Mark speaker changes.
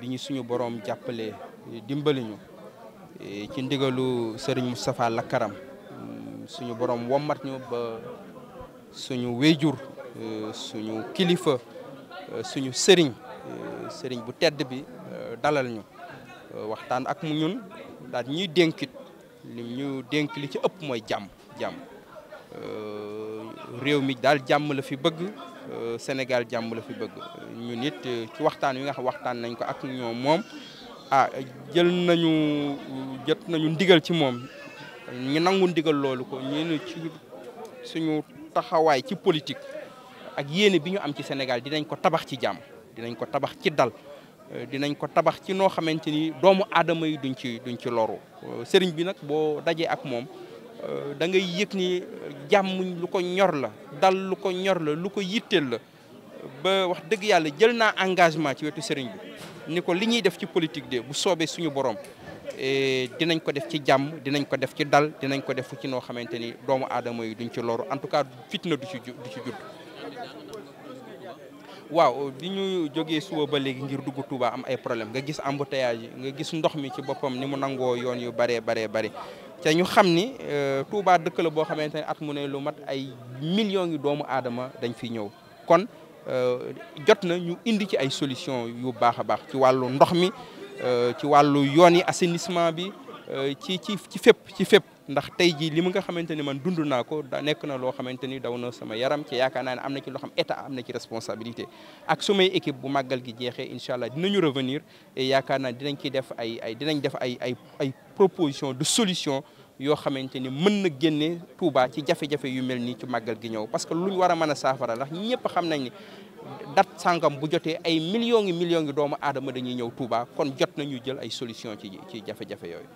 Speaker 1: bi ñu suñu boroom jàppale dimbaliñu e, ci ndigalu Serigne Moustapha Lakaram mm, suñu boroom wommat ñu ba suñu wéjur e, suñu kilifa e, suñu sëriñ sëriñ bu tedd bi dalal ñu waxtaan ak mu ñun daal ñuy dénkit lim ñu dénk li ci ëpp mooy jàmm jàmm réew mi daal jàmm la fi bëgg Euh, Sénégal jàmm la fi bëgg ñun it euh, ci waxtaan wi nga xam waxtaan nañ ko ak ñoom moom ah jël nañu jot nañu ndigal ci moom ñu nangu ndigal loolu ko ñun ci suñu taxawaay ci politique ak yéene bi ñu am ci Sénégal dinañ ko tabax ci jàmm dinañ ko tabax ci dal euh, dinañ ko tabax ci noo xamante ni doomu aadama yi duñ ci duñ ci loru sëriñ bi nag boo dajee ak moom da ngay yëg ni jàmm lu ko ñor la dal lu ko ñor la lu ko yitteel la ba wax dëgg yàlla jël naa engagement ci wetu sëriñ bi ni ko li ñuy def ci politique de bu soobee suñu borom e, dinañ ko def ci jàmm dinañ ko def ci dal dinañ ko def ci noo xamante ni doomu aadama yi duñ ci loru en tout cas fitna du ci du ci judd. waaw bi ñu jógee suba ba léegi ngir dugg Touba am ay problème nga gis embouteillage yi nga gis ndox mi ci boppam ni mu nangoo yoon yu baree baree bare te ñu xam ni euh, Touba dëkk la boo xamante ne at mu ne lu mat ay millions yu doomu aadama dañ fi ñëw kon euh, jot na ñu indi ci ay solution yu baax a baax ci wàllu ndox mi euh, ci wàllu yoon yi assainissement bi ci ci ci fépp ci fépp ndax tey jii li mu nga xamante ni man dund naa ko nekk na loo xamante ni daw na sama yaram ci yaakaar naa ne am na ci loo xam état am na ci responsabilité ak sumay équipe bu màggal gi jeexee incha allah dinañu revenir yaakaar naa dinañ ci def ay ay dinañ def ay ay ay proposition de solution yoo xamante ni mën na génne Touba ci jafe-jafe yu mel nii ci màggal gi ñëw parce que luñ war a mën a saafara ndax ñëpp xam nañ ni dat sàngam bu jotee ay million ngi million ngi doomu aadama dañuy ñëw Touba kon jot nañu jël ay solution ci ci jafe yooyu